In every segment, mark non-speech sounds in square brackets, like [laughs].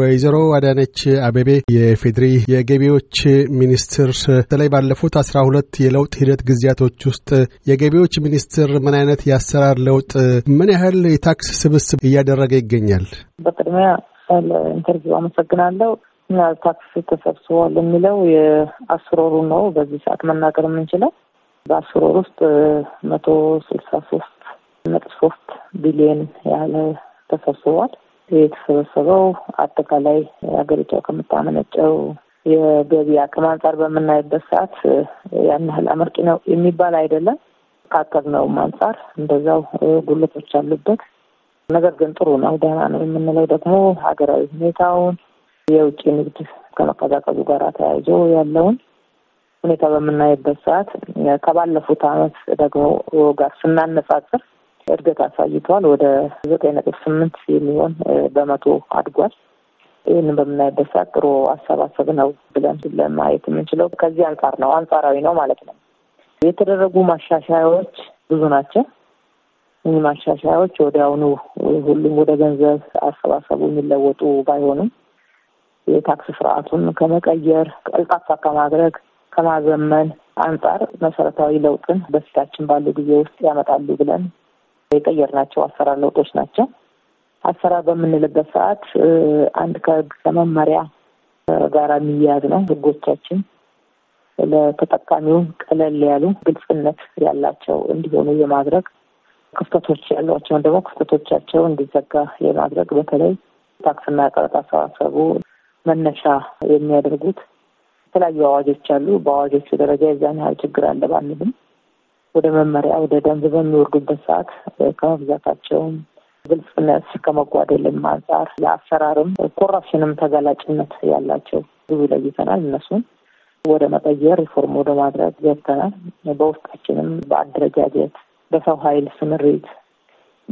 ወይዘሮ አዳነች አቤቤ የፌዴሪ የገቢዎች ሚኒስትር፣ በተለይ ባለፉት አስራ ሁለት የለውጥ ሂደት ጊዜያቶች ውስጥ የገቢዎች ሚኒስትር ምን አይነት የአሰራር ለውጥ፣ ምን ያህል የታክስ ስብስብ እያደረገ ይገኛል? በቅድሚያ ለኢንተርቪው አመሰግናለሁ። ታክስ ተሰብስቧል የሚለው የአስር ወሩ ነው በዚህ ሰዓት መናገር የምንችለው በአስር ወር ውስጥ መቶ ስልሳ ሶስት ነጥብ ሶስት ቢሊዮን ያህል ተሰብስቧል። የተሰበሰበው አጠቃላይ ሀገሪቷ ከምታመነጨው የገቢ አቅም አንጻር በምናይበት ሰዓት ያን ያህል አመርቂ ነው የሚባል አይደለም። ካቀድነውም አንጻር እንደዛው ጉልቶች አሉበት። ነገር ግን ጥሩ ነው፣ ደህና ነው የምንለው ደግሞ ሀገራዊ ሁኔታውን የውጭ ንግድ ከመቀዛቀዙ ጋር ተያይዞ ያለውን ሁኔታ በምናይበት ሰዓት ከባለፉት አመት ደግሞ ጋር ስናነጻጽር እድገት አሳይቷል። ወደ ዘጠኝ ነጥብ ስምንት የሚሆን በመቶ አድጓል። ይህን በምናይበት ሰዓት ጥሩ አሰባሰብ ነው ብለን ለማየት የምንችለው ከዚህ አንጻር ነው። አንጻራዊ ነው ማለት ነው። የተደረጉ ማሻሻያዎች ብዙ ናቸው። እኚህ ማሻሻያዎች ወዲያውኑ ሁሉም ወደ ገንዘብ አሰባሰቡ የሚለወጡ ባይሆኑም የታክስ ስርዓቱን ከመቀየር ቀልጣፋ ከማድረግ ከማዘመን አንጻር መሰረታዊ ለውጥን በፊታችን ባሉ ጊዜ ውስጥ ያመጣሉ ብለን የቀየርናቸው አሰራር ለውጦች ናቸው። አሰራር በምንልበት ሰዓት አንድ ከህግ ከመመሪያ ጋር የሚያያዝ ነው። ህጎቻችን ለተጠቃሚው ቀለል ያሉ ግልጽነት ያላቸው እንዲሆኑ የማድረግ ክፍተቶች ያሏቸውን ደግሞ ክፍተቶቻቸው እንዲዘጋ የማድረግ በተለይ ታክስና ቀረጥ አሰባሰቡ መነሻ የሚያደርጉት የተለያዩ አዋጆች አሉ። በአዋጆቹ ደረጃ የዛን ያህል ችግር አለ ባንልም ወደ መመሪያ ወደ ደንብ በሚወርዱበት ሰዓት ከመብዛታቸውም ግልጽነት ከመጓደልም አንጻር ለአሰራርም ኮራፕሽንም ተጋላጭነት ያላቸው ብዙ ለይተናል። እነሱን ወደ መቀየር ሪፎርም ወደ ማድረግ ገብተናል። በውስጣችንም በአደረጃጀት በሰው ኃይል ስምሪት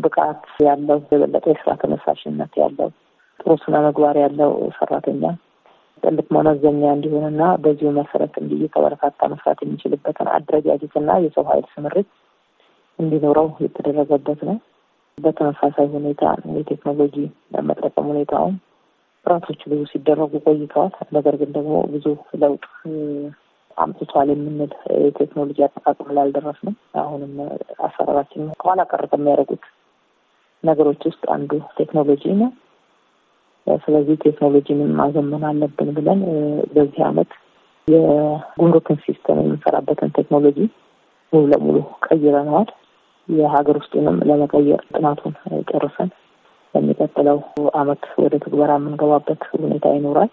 ብቃት ያለው የበለጠ የስራ ተነሳሽነት ያለው ጥሩ ስነ ምግባር ያለው ሰራተኛ ትልቅ መመዘኛ እንዲሆንና በዚሁ መሰረት እንዲሁ ተበረታታ መስራት የሚችልበትን አደረጃጀትና የሰው ኃይል ስምሪት እንዲኖረው የተደረገበት ነው። በተመሳሳይ ሁኔታ የቴክኖሎጂ መጠቀም ሁኔታውም ጥረቶች ብዙ ሲደረጉ ቆይተዋል። ነገር ግን ደግሞ ብዙ ለውጥ አምጥቷል የምንል የቴክኖሎጂ አጠቃቀም ላይ አልደረስንም። አሁንም አሰራራችን ከኋላ ቀር ከሚያደርጉት ነገሮች ውስጥ አንዱ ቴክኖሎጂ ነው። ስለዚህ ቴክኖሎጂንም ማዘመን አለብን ብለን በዚህ አመት የጉምሩክን ሲስተም የምንሰራበትን ቴክኖሎጂ ሙሉ ለሙሉ ቀይረነዋል። የሀገር ውስጡንም ለመቀየር ጥናቱን ጨርሰን በሚቀጥለው አመት ወደ ትግበራ የምንገባበት ሁኔታ ይኖራል።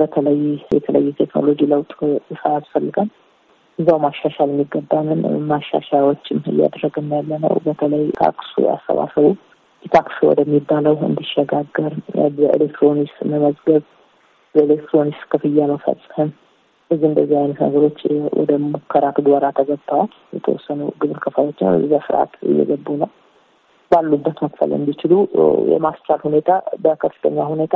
በተለይ የተለየ ቴክኖሎጂ ለውጥ ሳያስፈልገን እዛው ማሻሻል የሚገባንን ማሻሻያዎችም እያደረግን ያለ ነው። በተለይ ታክሱ አሰባሰቡ ኢታክስ ወደሚባለው እንዲሸጋገር በኤሌክትሮኒክስ መመዝገብ፣ በኤሌክትሮኒክስ ክፍያ መፈጸም እዚህ እንደዚህ አይነት ነገሮች ወደ ሙከራ ትግበራ ተገብተዋል። የተወሰኑ ግብር ከፋዮች እዛ ስርዓት እየገቡ ነው። ባሉበት መክፈል እንዲችሉ የማስቻል ሁኔታ በከፍተኛ ሁኔታ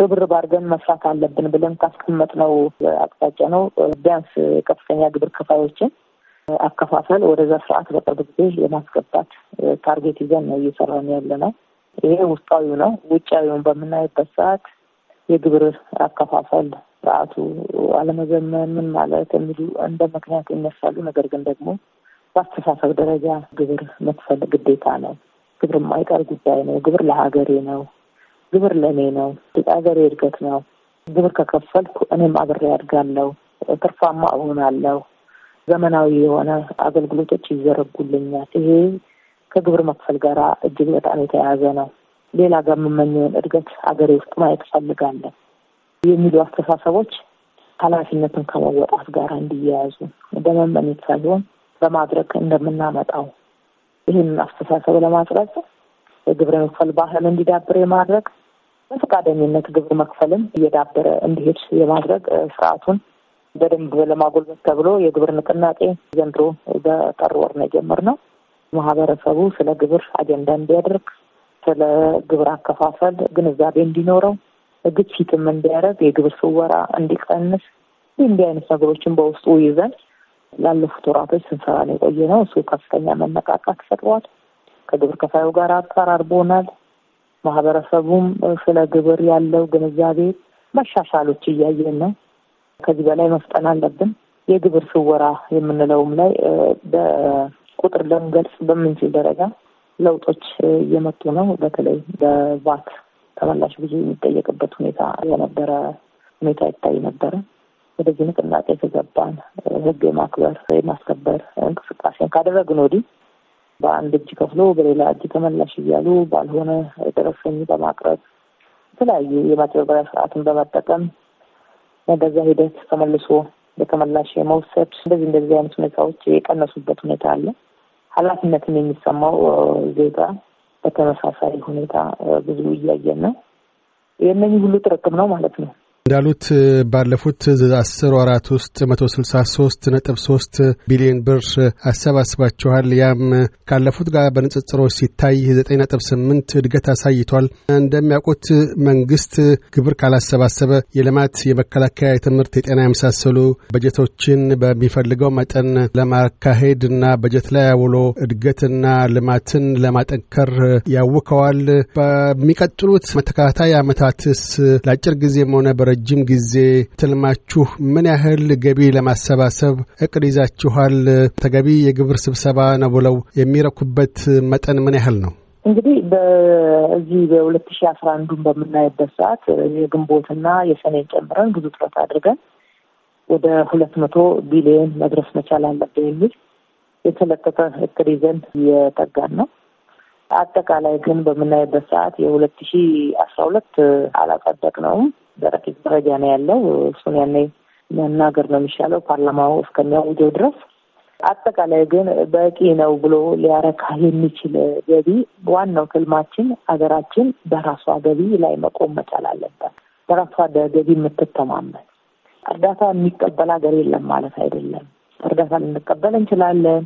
ርብርብ አድርገን መስራት አለብን ብለን ካስቀመጥነው አቅጣጫ ነው ቢያንስ ከፍተኛ ግብር ከፋዮችን አከፋፈል ወደዛ ስርዓት በቅርብ ጊዜ የማስገባት ታርጌት ይዘን ነው እየሰራን ያለ ነው። ይሄ ውስጣዊ ነው። ውጫዊውን በምናይበት ሰዓት የግብር አከፋፈል ስርዓቱ አለመዘመን ምን ማለት የሚሉ እንደ ምክንያት ይነሳሉ። ነገር ግን ደግሞ በአስተሳሰብ ደረጃ ግብር መክፈል ግዴታ ነው። ግብር የማይቀር ጉዳይ ነው። ግብር ለሀገሬ ነው። ግብር ለእኔ ነው። ሀገሬ እድገት ነው። ግብር ከከፈልኩ እኔም አብሬ ያድጋለው ትርፋማ እሆናለሁ ዘመናዊ የሆነ አገልግሎቶች ይዘረጉልኛል። ይሄ ከግብር መክፈል ጋር እጅግ በጣም የተያያዘ ነው። ሌላ ጋር የምመኘውን እድገት አገሬ ውስጥ ማየት እፈልጋለሁ የሚሉ አስተሳሰቦች ኃላፊነትን ከመወጣት ጋር እንዲያያዙ በመመኘት ሳይሆን በማድረግ እንደምናመጣው ይህንን አስተሳሰብ ለማጽረጽ የግብር መክፈል ባህል እንዲዳብር የማድረግ በፈቃደኝነት ግብር መክፈልም እየዳበረ እንዲሄድ የማድረግ ስርዓቱን በደንብ ለማጎልበት ተብሎ የግብር ንቅናቄ ዘንድሮ በጠር ወር ነው የጀመርነው። ማህበረሰቡ ስለ ግብር አጀንዳ እንዲያደርግ፣ ስለ ግብር አከፋፈል ግንዛቤ እንዲኖረው፣ ግፊትም እንዲያደርግ፣ የግብር ስወራ እንዲቀንስ፣ እንዲህ አይነት ነገሮችን በውስጡ ይዘን ላለፉት ወራቶች ስንሰራ ነው የቆየ ነው። እሱ ከፍተኛ መነቃቃት ፈጥሯል። ከግብር ከፋዩ ጋር አቀራርቦናል። ማህበረሰቡም ስለ ግብር ያለው ግንዛቤ መሻሻሎች እያየን ነው። ከዚህ በላይ መፍጠን አለብን። የግብር ስወራ የምንለውም ላይ በቁጥር ለምገልጽ በምንችል ደረጃ ለውጦች እየመጡ ነው። በተለይ በቫት ተመላሽ ብዙ የሚጠየቅበት ሁኔታ የነበረ ሁኔታ ይታይ ነበረ። ወደዚህ ንቅናቄ የተገባን ህግ የማክበር የማስከበር እንቅስቃሴን ካደረግን ወዲህ በአንድ እጅ ከፍሎ በሌላ እጅ ተመላሽ እያሉ ባልሆነ ደረሰኝ በማቅረብ የተለያዩ የማጭበርበሪያ ስርዓትን በመጠቀም በዛ ሂደት ተመልሶ በተመላሽ የመውሰድ እንደዚህ እንደዚህ አይነት ሁኔታዎች የቀነሱበት ሁኔታ አለ። ኃላፊነትን የሚሰማው ዜጋ በተመሳሳይ ሁኔታ ብዙ እያየን ነው። የእነኚህ ሁሉ ጥርቅም ነው ማለት ነው። እንዳሉት ባለፉት አስር ወራት ውስጥ መቶ ስልሳ ሶስት ነጥብ ሶስት ቢሊዮን ብር አሰባስባችኋል። ያም ካለፉት ጋር በንጽጽሮች ሲታይ ዘጠኝ ነጥብ ስምንት እድገት አሳይቷል። እንደሚያውቁት መንግስት ግብር ካላሰባሰበ የልማት፣ የመከላከያ፣ የትምህርት፣ የጤና የመሳሰሉ በጀቶችን በሚፈልገው መጠን ለማካሄድ እና በጀት ላይ አውሎ እድገትና ልማትን ለማጠንከር ያውከዋል። በሚቀጥሉት መተካታይ አመታትስ ለአጭር ጊዜም ሆነ በረ በረጅም ጊዜ ትልማችሁ ምን ያህል ገቢ ለማሰባሰብ እቅድ ይዛችኋል? ተገቢ የግብር ስብሰባ ነው ብለው የሚረኩበት መጠን ምን ያህል ነው? እንግዲህ በዚህ በሁለት ሺ አስራ አንዱን በምናይበት ሰዓት የግንቦትና የሰኔን ጨምረን ብዙ ጥረት አድርገን ወደ ሁለት መቶ ቢሊዮን መድረስ መቻል አለብን የሚል የተለቀቀ እቅድ ይዘን እየጠጋን ነው። አጠቃላይ ግን በምናይበት ሰዓት የሁለት ሺ አስራ ሁለት አላጸደቅ ነውም በረቂቅ ደረጃ ነው ያለው። እሱን ያኔ መናገር ነው የሚሻለው ፓርላማው እስከሚያውጀው ድረስ። አጠቃላይ ግን በቂ ነው ብሎ ሊያረካ የሚችል ገቢ፣ ዋናው ትልማችን ሀገራችን በራሷ ገቢ ላይ መቆም መቻል አለበት። በራሷ ገቢ የምትተማመን እርዳታ የሚቀበል ሀገር የለም ማለት አይደለም። እርዳታ ልንቀበል እንችላለን፣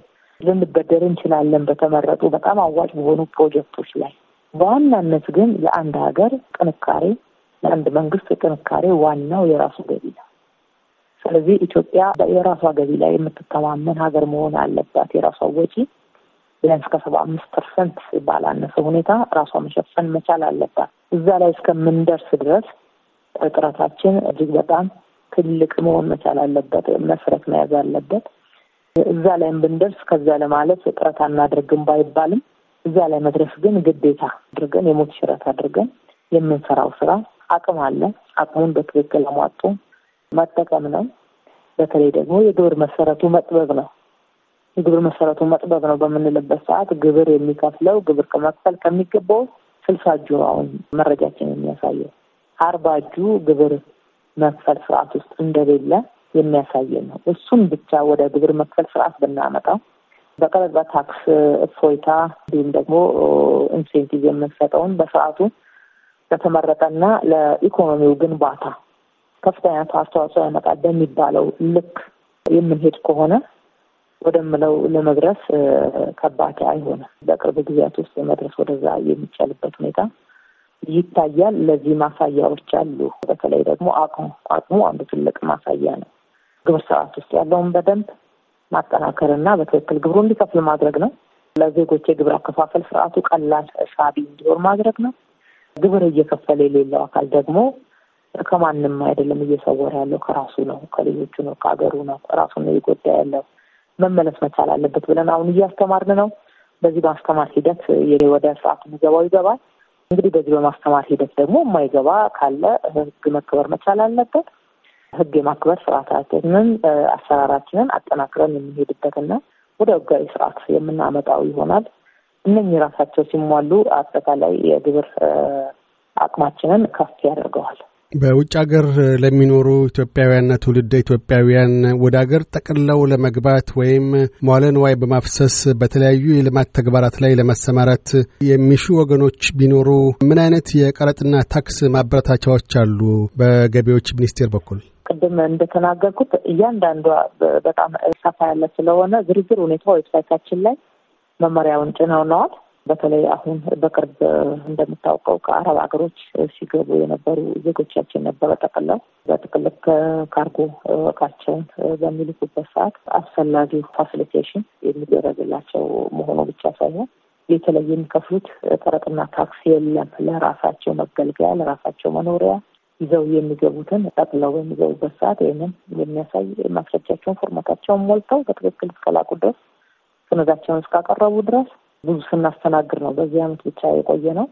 ልንበደር እንችላለን በተመረጡ በጣም አዋጭ በሆኑ ፕሮጀክቶች ላይ። በዋናነት ግን ለአንድ ሀገር ጥንካሬ የአንድ መንግስት ጥንካሬ ዋናው የራሱ ገቢ ነው። ስለዚህ ኢትዮጵያ የራሷ ገቢ ላይ የምትተማመን ሀገር መሆን አለባት። የራሷ ወጪ ቢያንስ ከሰባ አምስት ፐርሰንት ባላነሰ ሁኔታ ራሷ መሸፈን መቻል አለባት። እዛ ላይ እስከምንደርስ ድረስ ጥረታችን እጅግ በጣም ትልቅ መሆን መቻል አለበት፣ መሰረት መያዝ አለበት። እዛ ላይም ብንደርስ ከዛ ለማለት ጥረት አናደርግም ባይባልም እዛ ላይ መድረስ ግን ግዴታ አድርገን የሞት ሽረት አድርገን የምንሰራው ስራ አቅም አለ። አቅሙን በትክክል አሟጦ መጠቀም ነው። በተለይ ደግሞ የግብር መሰረቱ መጥበብ ነው። የግብር መሰረቱ መጥበብ ነው በምንልበት ሰዓት ግብር የሚከፍለው ግብር ከመክፈል ከሚገባው ስልሳ እጁ አሁን መረጃችን የሚያሳየው አርባ እጁ ግብር መክፈል ስርዓት ውስጥ እንደሌለ የሚያሳየ ነው። እሱን ብቻ ወደ ግብር መክፈል ስርዓት ብናመጣው በቀረጥ ታክስ እፎይታ እንዲሁም ደግሞ ኢንሴንቲቭ የምንሰጠውን በስርዓቱ ለተመረጠና ለኢኮኖሚው ግንባታ ከፍተኛ አስተዋጽኦ ያመጣል በሚባለው ልክ የምንሄድ ከሆነ ወደምለው ለመድረስ ከባድ አይሆንም። በቅርብ ጊዜያት ውስጥ ለመድረስ ወደዛ የሚቻልበት ሁኔታ ይታያል። ለዚህ ማሳያዎች አሉ። በተለይ ደግሞ አቅሙ አቅሙ አንዱ ትልቅ ማሳያ ነው። ግብር ስርዓት ውስጥ ያለውን በደንብ ማጠናከርና በትክክል ግብሩ እንዲከፍል ማድረግ ነው። ለዜጎች የግብር አከፋፈል ስርዓቱ ቀላል፣ ሳቢ እንዲሆን ማድረግ ነው። ግብር እየከፈለ የሌለው አካል ደግሞ ከማንም አይደለም እየሰወረ ያለው ከራሱ ነው፣ ከልጆቹ ነው፣ ከሀገሩ ነው፣ ራሱ ነው እየጎዳ ያለው። መመለስ መቻል አለበት ብለን አሁን እያስተማርን ነው። በዚህ በማስተማር ሂደት ወደ ስርዓቱ የሚገባው ይገባል። እንግዲህ በዚህ በማስተማር ሂደት ደግሞ የማይገባ ካለ ህግ መክበር መቻል አለበት። ህግ የማክበር ስርዓታችንን አሰራራችንን አጠናክረን የምንሄድበትና ወደ ህጋዊ ስርዓት የምናመጣው ይሆናል። እነኚህ ራሳቸው ሲሟሉ አጠቃላይ የግብር አቅማችንን ከፍ ያደርገዋል። በውጭ ሀገር ለሚኖሩ ኢትዮጵያውያንና ትውልደ ኢትዮጵያውያን ወደ ሀገር ጠቅለው ለመግባት ወይም መዋለ ንዋይ በማፍሰስ በተለያዩ የልማት ተግባራት ላይ ለመሰማራት የሚሹ ወገኖች ቢኖሩ ምን አይነት የቀረጥና ታክስ ማበረታቻዎች አሉ? በገቢዎች ሚኒስቴር በኩል ቅድም እንደተናገርኩት እያንዳንዷ በጣም ሰፋ ያለ ስለሆነ ዝርዝር ሁኔታ ዌብሳይታችን ላይ መመሪያውን ጭነውነዋል። በተለይ አሁን በቅርብ እንደምታውቀው ከአረብ ሀገሮች ሲገቡ የነበሩ ዜጎቻችን ነበረ ጠቅለው በጥቅል ካርጎ እቃቸውን በሚልኩበት ሰዓት አስፈላጊው ፋሲሊቴሽን የሚደረግላቸው መሆኑ ብቻ ሳይሆን የተለየ የሚከፍሉት ቀረጥና ታክስ የለም። ለራሳቸው መገልገያ፣ ለራሳቸው መኖሪያ ይዘው የሚገቡትን ጠቅለው በሚገቡበት ሰዓት ይህንን የሚያሳይ ማስረጃቸውን ፎርማታቸውን ሞልተው በትክክል እስከላቁ ድረስ ሰነዳቸውን እስካቀረቡ ድረስ ብዙ ስናስተናግድ ነው በዚህ አመት ብቻ የቆየ ነው።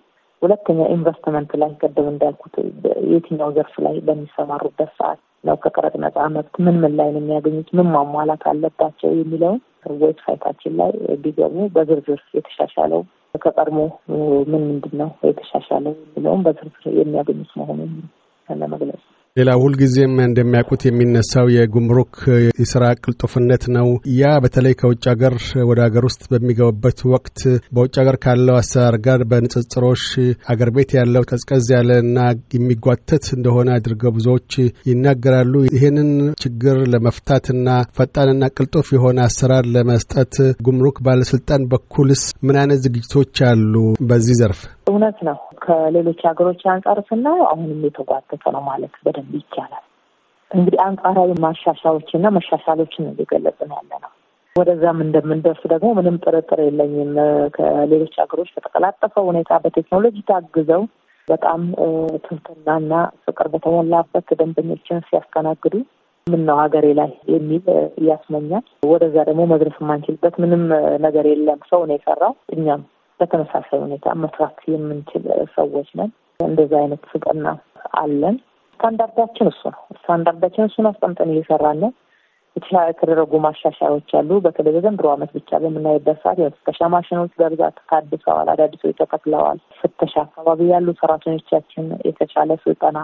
ሁለተኛ ኢንቨስትመንት ላይ ቀደም እንዳልኩት የትኛው ዘርፍ ላይ በሚሰማሩበት ሰዓት ነው ከቀረጥ ነጻ መብት ምን ምን ላይ ነው የሚያገኙት፣ ምን ማሟላት አለባቸው የሚለውን ዌብሳይታችን ላይ ቢገቡ በዝርዝር የተሻሻለው ከቀድሞ ምን ምንድን ነው የተሻሻለው የሚለውን በዝርዝር የሚያገኙት መሆኑን ለመግለጽ ሌላ ሁልጊዜም እንደሚያውቁት የሚነሳው የጉምሩክ የስራ ቅልጡፍነት ነው። ያ በተለይ ከውጭ ሀገር ወደ ሀገር ውስጥ በሚገቡበት ወቅት በውጭ ሀገር ካለው አሰራር ጋር በንጽጽሮች አገር ቤት ያለው ቀዝቀዝ ያለና የሚጓተት እንደሆነ አድርገው ብዙዎች ይናገራሉ። ይህንን ችግር ለመፍታትና ፈጣንና ቅልጡፍ የሆነ አሰራር ለመስጠት ጉምሩክ ባለስልጣን በኩልስ ምን አይነት ዝግጅቶች አሉ በዚህ ዘርፍ? እውነት ነው። ከሌሎች ሀገሮች አንጻር ስናየው አሁንም የተጓተተ ነው ማለት በደ ይቻላል። እንግዲህ አንጻራዊ ማሻሻዎችና መሻሻሎችን እየገለጽን ያለ ነው። ወደዛም እንደምንደርስ ደግሞ ምንም ጥርጥር የለኝም። ከሌሎች ሀገሮች በተቀላጠፈ ሁኔታ በቴክኖሎጂ ታግዘው በጣም ትህትናና ፍቅር በተሞላበት ደንበኞችን ሲያስተናግዱ ነው ሀገሬ ላይ የሚል ያስመኛል። ወደዛ ደግሞ መድረስ የማንችልበት ምንም ነገር የለም። ሰው ነው የሰራው። እኛም በተመሳሳይ ሁኔታ መስራት የምንችል ሰዎች ነን። እንደዛ አይነት ፍቅርና አለን። ስታንዳርዳችን እሱ ነው። ስታንዳርዳችን እሱን አስቀምጠን እየሰራን ነው። የተደረጉ ማሻሻያዎች አሉ። በተለይ በዘንድሮ ዓመት ብቻ በምናይበት ሰዓት የመፈተሻ ማሽኖች በብዛት ታድሰዋል፣ አዳዲሶች ተተክለዋል። ፍተሻ አካባቢ ያሉ ሰራተኞቻችን የተሻለ ስልጠና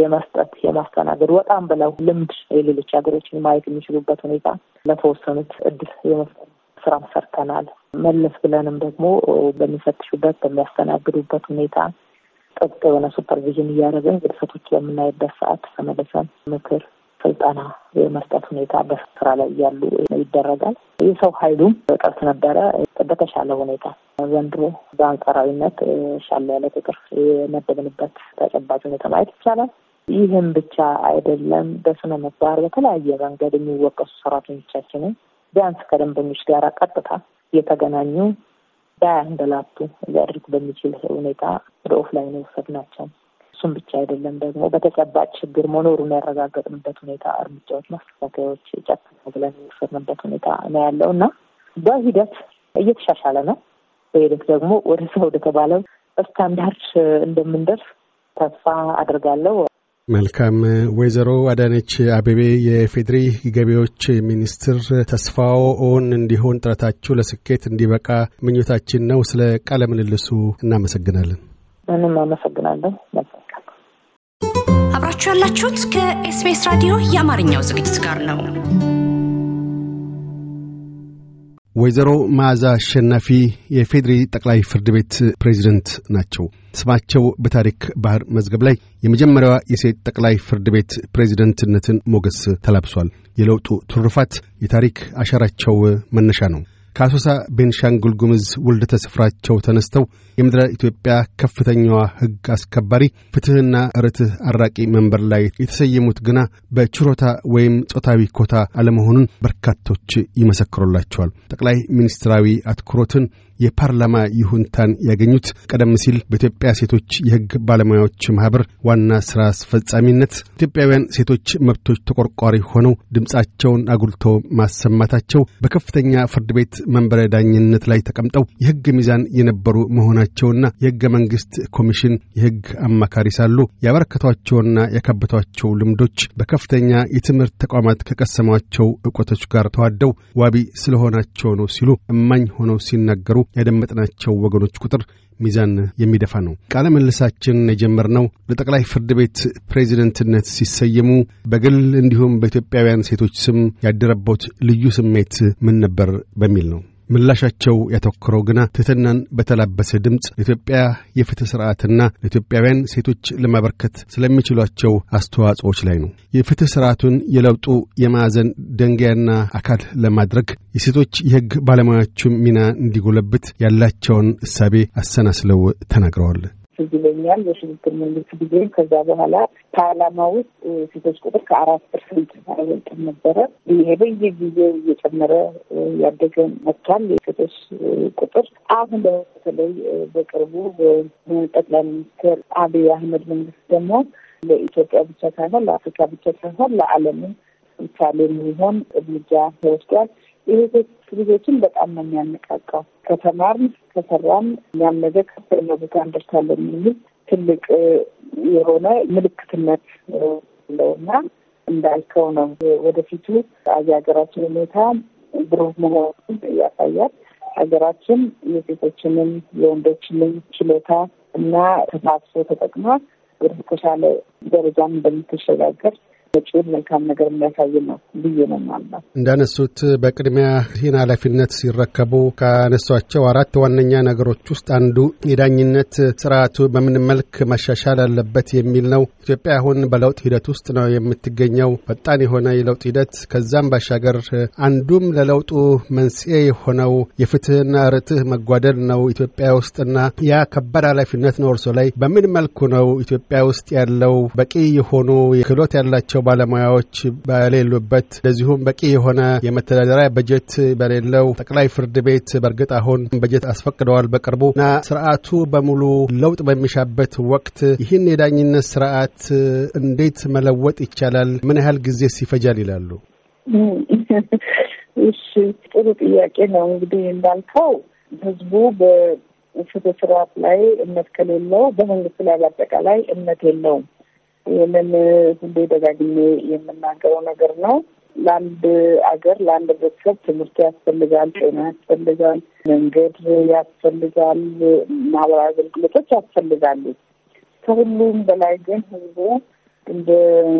የመስጠት የማስተናገድ ወጣም ብለው ልምድ የሌሎች ሀገሮችን ማየት የሚችሉበት ሁኔታ ለተወሰኑት እድል የመፍጠር ስራም ሰርተናል። መለስ ብለንም ደግሞ በሚፈትሹበት በሚያስተናግዱበት ሁኔታ ጥብቅ የሆነ ሱፐርቪዥን እያደረግን ግድፈቶች በምናይበት ሰዓት ተመልሰን ምክር፣ ስልጠና የመስጠት ሁኔታ በስራ ላይ እያሉ ይደረጋል። የሰው ኃይሉም እጥረት ነበረ። በተሻለ ሁኔታ ዘንድሮ በአንጻራዊነት ሻለ ያለ ቁጥር የመደብንበት ተጨባጭ ሁኔታ ማየት ይቻላል። ይህም ብቻ አይደለም። በስነ ምግባር በተለያየ መንገድ የሚወቀሱ ሰራተኞቻችንን ቢያንስ ከደንበኞች ጋር ቀጥታ እየተገናኙ እንደላቱ ሊያደርግ በሚችል ሁኔታ ወደ ኦፍላይን ናቸው እሱም ብቻ አይደለም ደግሞ በተጨባጭ ችግር መኖሩን ያረጋገጥንበት ሁኔታ እርምጃዎች፣ ማስተካከያዎች ጨክና ብለን የወሰድንበት ሁኔታ ነው ያለው እና በሂደት እየተሻሻለ ነው። በሂደት ደግሞ ወደ ሰው ወደተባለው ስታንዳርድ እንደምንደርስ ተስፋ አድርጋለሁ። መልካም ወይዘሮ አዳነች አቤቤ የፌዴሪ ገቢዎች ሚኒስትር ተስፋው ኦን እንዲሆን ጥረታችሁ ለስኬት እንዲበቃ ምኞታችን ነው። ስለ ቃለ ምልልሱ እናመሰግናለን። ምንም አመሰግናለሁ። አብራችሁ ያላችሁት ከኤስቢኤስ ራዲዮ የአማርኛው ዝግጅት ጋር ነው። ወይዘሮ መዓዛ አሸናፊ የፌዴሪ ጠቅላይ ፍርድ ቤት ፕሬዚደንት ናቸው። ስማቸው በታሪክ ባህር መዝገብ ላይ የመጀመሪያዋ የሴት ጠቅላይ ፍርድ ቤት ፕሬዚደንትነትን ሞገስ ተላብሷል። የለውጡ ትሩፋት የታሪክ አሻራቸው መነሻ ነው። ከአሶሳ ቤንሻንጉል ጉምዝ ውልደተ ስፍራቸው ተነስተው የምድረ ኢትዮጵያ ከፍተኛዋ ሕግ አስከባሪ ፍትሕና ርትህ አራቂ መንበር ላይ የተሰየሙት ግና በችሮታ ወይም ጾታዊ ኮታ አለመሆኑን በርካቶች ይመሰክሩላቸዋል። ጠቅላይ ሚኒስትራዊ አትኩሮትን የፓርላማ ይሁንታን ያገኙት ቀደም ሲል በኢትዮጵያ ሴቶች የሕግ ባለሙያዎች ማኅበር ዋና ሥራ አስፈጻሚነት ኢትዮጵያውያን ሴቶች መብቶች ተቆርቋሪ ሆነው ድምፃቸውን አጉልቶ ማሰማታቸው በከፍተኛ ፍርድ ቤት መንበረ ዳኝነት ላይ ተቀምጠው የሕግ ሚዛን የነበሩ መሆናቸውና የሕገ መንግሥት ኮሚሽን የሕግ አማካሪ ሳሉ ያበረከቷቸውና ያካበቷቸው ልምዶች በከፍተኛ የትምህርት ተቋማት ከቀሰሟቸው እውቀቶች ጋር ተዋደው ዋቢ ስለሆናቸው ነው ሲሉ እማኝ ሆነው ሲናገሩ ያደመጥናቸው ወገኖች ቁጥር ሚዛን የሚደፋ ነው። ቃለ መልሳችን የጀመርነው ለጠቅላይ ፍርድ ቤት ፕሬዚደንትነት ሲሰየሙ በግል እንዲሁም በኢትዮጵያውያን ሴቶች ስም ያደረቦት ልዩ ስሜት ምን ነበር በሚል ነው። ምላሻቸው ያተኮረው ግና ትህትናን በተላበሰ ድምፅ ለኢትዮጵያ የፍትህ ስርዓትና ለኢትዮጵያውያን ሴቶች ለማበርከት ስለሚችሏቸው አስተዋጽኦች ላይ ነው። የፍትህ ስርዓቱን የለውጡ የማዕዘን ደንጋያና አካል ለማድረግ የሴቶች የሕግ ባለሙያዎቹም ሚና እንዲጎለብት ያላቸውን እሳቤ አሰናስለው ተናግረዋል። ትዝ ይለኛል በሽግግር መንግስት ጊዜ ከዛ በኋላ ፓርላማ ውስጥ ሴቶች ቁጥር ከአራት ፐርሰንት አይበልጥም ነበረ። ይሄ በየጊዜው እየጨመረ ያደገ መጥቷል። የሴቶች ቁጥር አሁን በተለይ በቅርቡ ጠቅላይ ሚኒስትር አብይ አህመድ መንግስት ደግሞ ለኢትዮጵያ ብቻ ሳይሆን ለአፍሪካ ብቻ ሳይሆን ለዓለምን ምሳሌ የሚሆን እርምጃ ተወስዷል። የሴቶች ልጆችን በጣም ነው የሚያነቃቃው። ከተማርን ከሰራን እኛም ነገር ከፍተኛ ቦታ እንደርሳለን የሚል ትልቅ የሆነ ምልክትነት ለውና እንዳልከው ነው ወደፊቱ አዚህ ሀገራችን ሁኔታ ብሩህ መሆኑን ያሳያል። ሀገራችን የሴቶችንም የወንዶችንም ችሎታ እና ተሳትፎ ተጠቅማ ወደ ተሻለ ደረጃም እንደምትሸጋገር መጪውን መልካም ነገር የሚያሳይ ነው ብዬ ነው ማለት። እንዳነሱት በቅድሚያ ይህን ኃላፊነት ሲረከቡ ካነሷቸው አራት ዋነኛ ነገሮች ውስጥ አንዱ የዳኝነት ስርዓቱ በምን መልክ መሻሻል አለበት የሚል ነው። ኢትዮጵያ አሁን በለውጥ ሂደት ውስጥ ነው የምትገኘው፣ ፈጣን የሆነ የለውጥ ሂደት። ከዛም ባሻገር አንዱም ለለውጡ መንስኤ የሆነው የፍትህና ርትህ መጓደል ነው ኢትዮጵያ ውስጥና ያ ከባድ ኃላፊነት ነው እርሶ ላይ። በምን መልኩ ነው ኢትዮጵያ ውስጥ ያለው በቂ የሆኑ ክህሎት ያላቸው ባለሙያዎች በሌሉበት እንደዚሁም በቂ የሆነ የመተዳደሪያ በጀት በሌለው ጠቅላይ ፍርድ ቤት በእርግጥ አሁን በጀት አስፈቅደዋል በቅርቡ እና ስርዓቱ በሙሉ ለውጥ በሚሻበት ወቅት ይህን የዳኝነት ስርዓት እንዴት መለወጥ ይቻላል? ምን ያህል ጊዜ ይፈጃል ይላሉ? [laughs] እሺ፣ ጥሩ ጥያቄ ነው። እንግዲህ እንዳልከው ህዝቡ በፍትህ ስርዓት ላይ እምነት ከሌለው በመንግስት ላይ በአጠቃላይ እምነት የለውም። ይህንን ሁሌ ደጋግሜ የምናገረው ነገር ነው። ለአንድ አገር ለአንድ ቤተሰብ ትምህርት ያስፈልጋል፣ ጤና ያስፈልጋል፣ መንገድ ያስፈልጋል፣ ማህበራዊ አገልግሎቶች ያስፈልጋሉ። ከሁሉም በላይ ግን ህዝቡ እንደ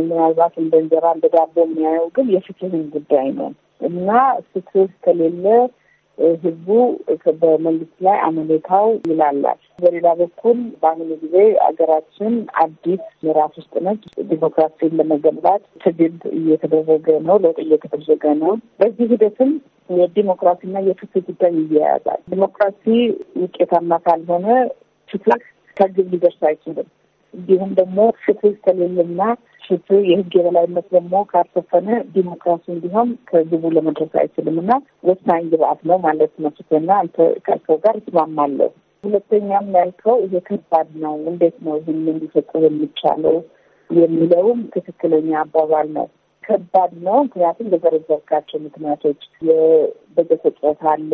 ምናልባት እንደ እንጀራ እንደ ዳቦ የሚያየው ግን የፍትህን ጉዳይ ነው እና ፍትህ ከሌለ ህዝቡ በመንግስት ላይ አመኔታው ይላላል። በሌላ በኩል በአሁኑ ጊዜ ሀገራችን አዲስ ምዕራፍ ውስጥ ነች። ዲሞክራሲን ለመገንባት ትግል እየተደረገ ነው፣ ለውጥ እየተደረገ ነው። በዚህ ሂደትም የዲሞክራሲና የፍትህ ጉዳይ ይያያዛል። ዲሞክራሲ ውጤታማ ካልሆነ ፍትህ ከግብ ሊደርስ አይችልም። እንዲሁም ደግሞ ፍትህ ከሌለና ፍትህ የህግ የበላይነት ደግሞ ካልሰፈነ ዲሞክራሲ እንዲሆን ከግቡ ለመድረስ አይችልም እና ወሳኝ ግብአት ነው ማለት ነው። ፍትህና አንተ ካልከው ጋር እስማማለሁ። ሁለተኛም ያልከው ይሄ ከባድ ነው፣ እንዴት ነው ይህን ሊፈጽም የሚቻለው የሚለውም ትክክለኛ አባባል ነው። ከባድ ነው ምክንያቱም በዘረዘርካቸው ምክንያቶች የበጀት እጥረት አለ፣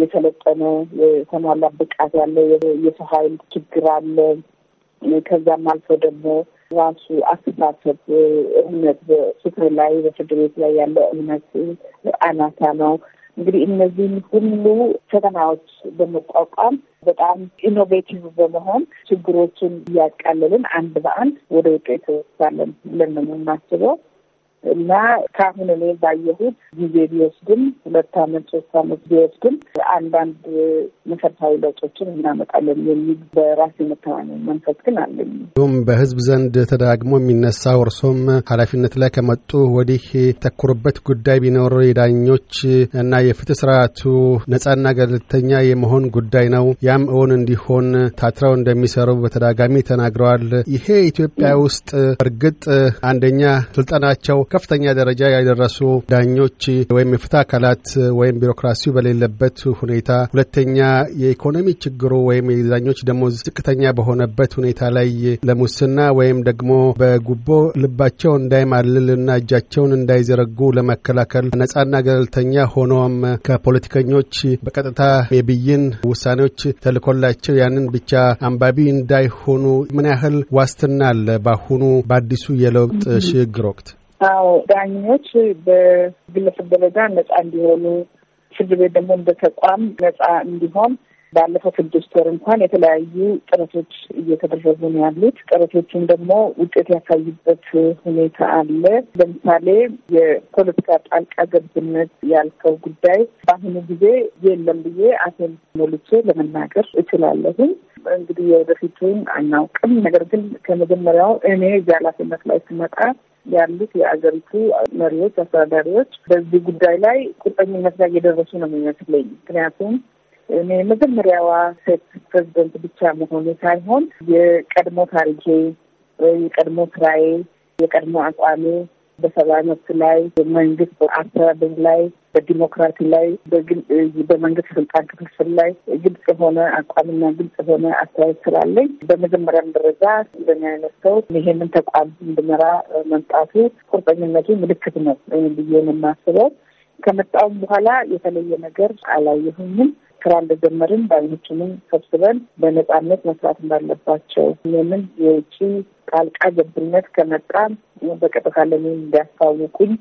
የሰለጠነ የተሟላ ብቃት ያለ የሰው ኃይል ችግር አለ ከዛም አልፎ ደግሞ ራሱ አስተሳሰብ እምነት በፍትህ ላይ በፍርድ ቤት ላይ ያለው እምነት አናሳ ነው። እንግዲህ እነዚህን ሁሉ ፈተናዎች በመቋቋም በጣም ኢኖቬቲቭ በመሆን ችግሮችን እያቃለልን አንድ በአንድ ወደ ውጤት ሳለን ብለን ነው የምናስበው። እና ከአሁን እኔ ባየሁት ጊዜ ቢወስድም ሁለት አመት ሶስት አመት ቢወስድም አንዳንድ መሰረታዊ ለውጦችን እናመጣለን የሚል በራስ የመተማመን መንፈስ ግን አለኝ። እንዲሁም በህዝብ ዘንድ ተደጋግሞ የሚነሳው እርሶም ኃላፊነት ላይ ከመጡ ወዲህ ተኩሩበት ጉዳይ ቢኖር የዳኞች እና የፍትህ ስርዓቱ ነጻና ገለልተኛ የመሆን ጉዳይ ነው። ያም እውን እንዲሆን ታትረው እንደሚሰሩ በተደጋጋሚ ተናግረዋል። ይሄ ኢትዮጵያ ውስጥ እርግጥ አንደኛ ስልጠናቸው። ከፍተኛ ደረጃ ያደረሱ ዳኞች ወይም የፍትህ አካላት ወይም ቢሮክራሲው በሌለበት ሁኔታ፣ ሁለተኛ የኢኮኖሚ ችግሩ ወይም የዳኞች ደሞዝ ዝቅተኛ በሆነበት ሁኔታ ላይ ለሙስና ወይም ደግሞ በጉቦ ልባቸው እንዳይማልል እጃቸውን እንዳይዘረጉ ለመከላከል ነጻና ገለልተኛ ሆኖም ከፖለቲከኞች በቀጥታ የብይን ውሳኔዎች ተልኮላቸው ያንን ብቻ አንባቢ እንዳይሆኑ ምን ያህል ዋስትና አለ? በአሁኑ በአዲሱ የለውጥ ሽግግር ወቅት አዎ ዳኞች በግለሰብ ደረጃ ነጻ እንዲሆኑ ፍርድ ቤት ደግሞ እንደ ተቋም ነጻ እንዲሆን ባለፈው ስድስት ወር እንኳን የተለያዩ ጥረቶች እየተደረጉ ነው ያሉት። ጥረቶቹም ደግሞ ውጤት ያሳዩበት ሁኔታ አለ። ለምሳሌ የፖለቲካ ጣልቃ ገብነት ያልከው ጉዳይ በአሁኑ ጊዜ የለም ብዬ አፌን ሞልቼ ለመናገር እችላለሁም። እንግዲህ የወደፊቱን አናውቅም። ነገር ግን ከመጀመሪያው እኔ እዚህ ኃላፊነት ላይ ስመጣ ያሉት የአገሪቱ መሪዎች፣ አስተዳዳሪዎች በዚህ ጉዳይ ላይ ቁርጠኝነት ላይ እየደረሱ ነው የሚመስለኝ። ምክንያቱም እኔ መጀመሪያዋ ሴት ፕሬዚደንት ብቻ መሆኑ ሳይሆን የቀድሞ ታሪኬ፣ የቀድሞ ስራዬ፣ የቀድሞ አቋሜ በሰብአዊ መብት ላይ በመንግስት አስተዳደር ላይ በዲሞክራሲ ላይ በመንግስት ስልጣን ክፍፍል ላይ ግልጽ የሆነ አቋምና ግልጽ የሆነ አስተያየት ስላለኝ በመጀመሪያም ደረጃ እንደኛ አይነት ሰው ይሄንን ተቋም እንድመራ መምጣቱ ቁርጠኝነቱ ምልክት ነው ብዬ ነው የማስበው። ከመጣውም በኋላ የተለየ ነገር አላየሁኝም። ስራ እንደጀመርን ዳኞችንም ሰብስበን በነጻነት መስራት እንዳለባቸው ይህንን የውጭ ጣልቃ ገብነት ከመጣ በቀጥታ ለኔ እንዲያስታውቁኝ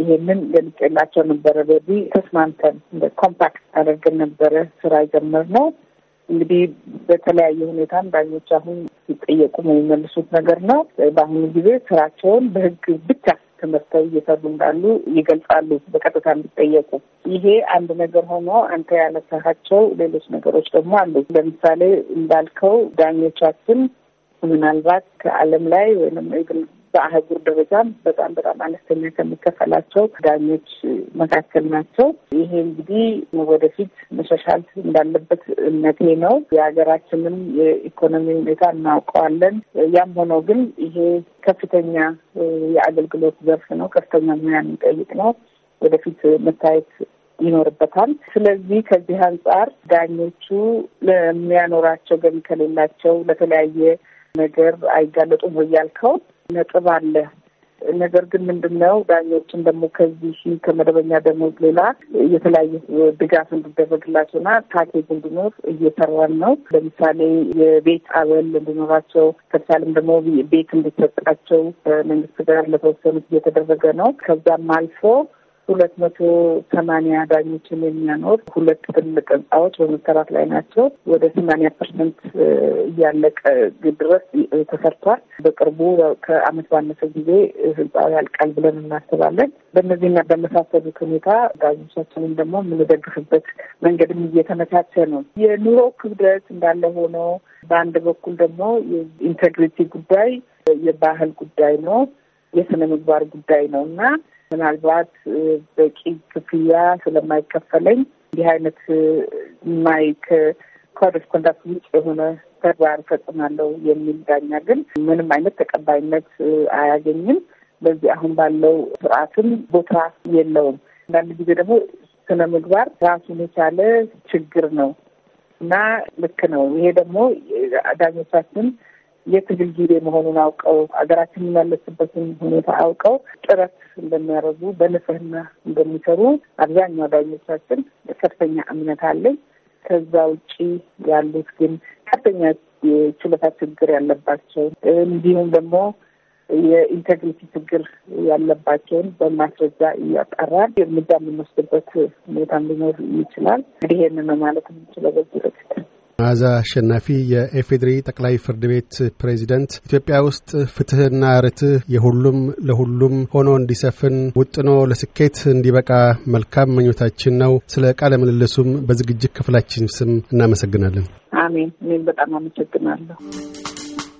ይሄንን ገልጬላቸው ነበረ። በዚህ ተስማምተን እንደ ኮምፓክት አደርገን ነበረ ስራ የጀመርነው። እንግዲህ በተለያየ ሁኔታም ዳኞች አሁን ሲጠየቁ የሚመልሱት ነገር ነው። በአሁኑ ጊዜ ስራቸውን በህግ ብቻ ትምህርት እየሰሩ እንዳሉ ይገልጻሉ፣ በቀጥታ እንዲጠየቁ። ይሄ አንድ ነገር ሆኖ አንተ ያነሳሃቸው ሌሎች ነገሮች ደግሞ አሉ። ለምሳሌ እንዳልከው ዳኞቻችን ምናልባት ከዓለም ላይ ወይም በአህጉር ደረጃም በጣም በጣም አነስተኛ ከሚከፈላቸው ዳኞች መካከል ናቸው። ይሄ እንግዲህ ወደፊት መሻሻል እንዳለበት እምነቴ ነው። የሀገራችንም የኢኮኖሚ ሁኔታ እናውቀዋለን። ያም ሆኖ ግን ይሄ ከፍተኛ የአገልግሎት ዘርፍ ነው። ከፍተኛ ሙያ የሚጠይቅ ነው። ወደፊት መታየት ይኖርበታል። ስለዚህ ከዚህ አንጻር ዳኞቹ ለሚያኖራቸው ገቢ ከሌላቸው ለተለያየ ነገር አይጋለጡም ወይ ያልከው ነጥብ አለ። ነገር ግን ምንድነው ዳኞችን ደግሞ ከዚህ ከመደበኛ ደግሞ ሌላ የተለያየ ድጋፍ እንዲደረግላቸውና ፓኬጅ እንዲኖር እየሰራን ነው። ለምሳሌ የቤት አበል እንዲኖራቸው ከተቻለም ደግሞ ቤት እንዲሰጣቸው መንግስት ጋር ለተወሰኑት እየተደረገ ነው። ከዛም አልፎ ሁለት መቶ ሰማኒያ ዳኞችን የሚያኖር ሁለት ትልቅ ህንፃዎች በመሰራት ላይ ናቸው። ወደ ሰማኒያ ፐርሰንት እያለቀ ድረስ ተሰርቷል። በቅርቡ ከአመት ባነሰ ጊዜ ህንፃው ያልቃል ብለን እናስባለን። በእነዚህና በመሳሰሉት ሁኔታ ዳኞቻችንም ደግሞ የምንደግፍበት መንገድም እየተመቻቸ ነው። የኑሮ ክብደት እንዳለ ሆኖ በአንድ በኩል ደግሞ የኢንቴግሪቲ ጉዳይ የባህል ጉዳይ ነው፣ የስነ ምግባር ጉዳይ ነው እና ምናልባት በቂ ክፍያ ስለማይከፈለኝ እንዲህ አይነት ማይክ ኮድ ኦፍ ኮንዳክት ውጭ የሆነ ተግባር እፈጽማለሁ የሚል ዳኛ ግን ምንም አይነት ተቀባይነት አያገኝም። በዚህ አሁን ባለው ስርዓትም ቦታ የለውም። አንዳንድ ጊዜ ደግሞ ስነ ምግባር ራሱን የቻለ ችግር ነው እና ልክ ነው። ይሄ ደግሞ ዳኞቻችን የትግል ጊዜ መሆኑን አውቀው ሀገራችን የሚመለስበትን ሁኔታ አውቀው ጥረት እንደሚያደርጉ በንጽህና እንደሚሰሩ አብዛኛው ዳኞቻችን ከፍተኛ እምነት አለኝ። ከዛ ውጪ ያሉት ግን ከፍተኛ የችሎታ ችግር ያለባቸው እንዲሁም ደግሞ የኢንቴግሪቲ ችግር ያለባቸውን በማስረጃ እያጣራን እርምጃ የምንወስድበት ሁኔታ እንዲኖር ይችላል። እንግዲህ ይህንን ማለት የምንችለው በዚህ በፊት መዓዛ አሸናፊ የኤፌድሪ ጠቅላይ ፍርድ ቤት ፕሬዚደንት፣ ኢትዮጵያ ውስጥ ፍትህና ርትህ የሁሉም ለሁሉም ሆኖ እንዲሰፍን ውጥኖ ለስኬት እንዲበቃ መልካም መኞታችን ነው። ስለ ቃለ ምልልሱም በዝግጅት ክፍላችን ስም እናመሰግናለን። አሜን። እኔም በጣም አመሰግናለሁ።